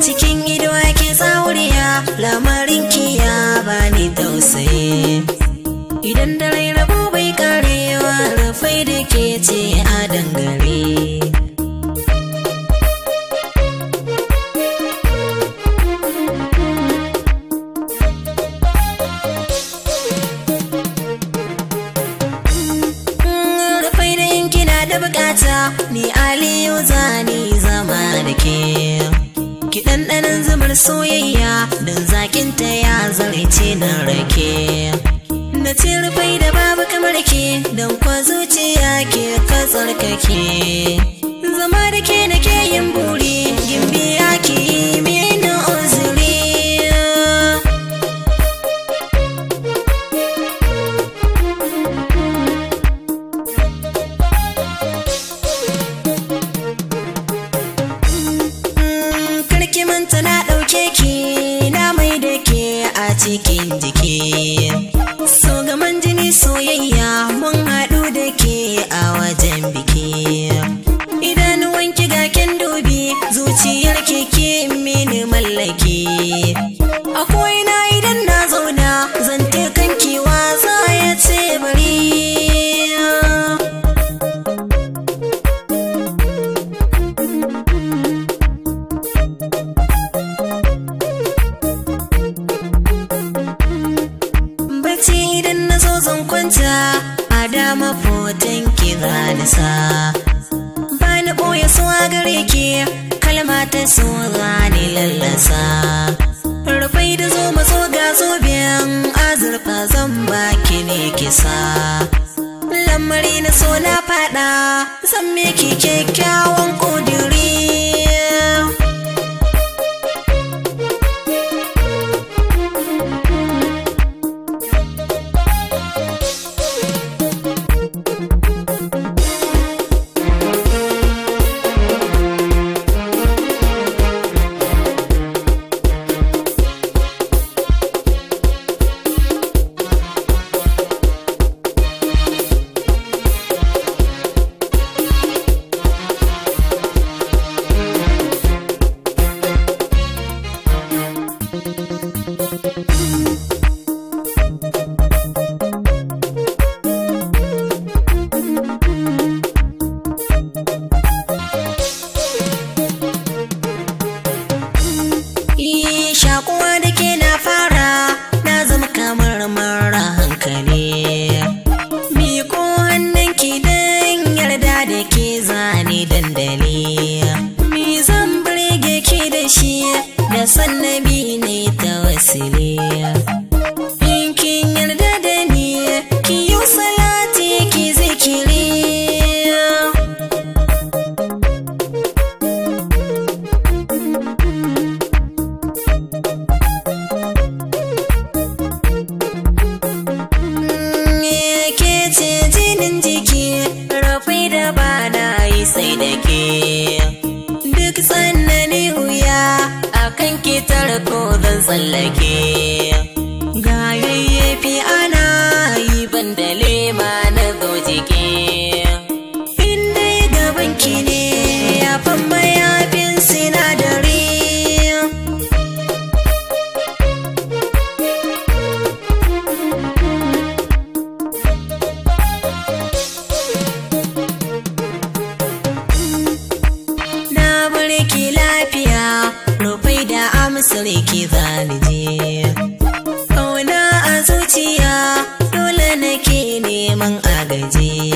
cikin ido yake tsauriya lamarin kiya ba ni tausayi idan dare rabo bai karewa rufai da ke ce a dangare Ni Aliyu zani zama da ke ɗanɗanin zubar soyayya dan don ta ya ce nan rake na ce rufai da babu kamar ke don kwa zuciya ke ka tsarkake begin sun kwanta a dama foton ki zanisa Bani ni ɓoye suwa gare ki kalma ta suwa zani lallasa rufai da zo maso ga zo biyan azurfa zan baki ne kisa lamari na so na fada zan miki kyakkyawan ƙudurin sile kan ki tarko zan tsallake ga yayyafi ana yi bandale ma na zo jike in dai gaban ki ne ya fan mayafin sinadari na ki lafiya sarki zalije Kauna a zuciya dole nake neman agaji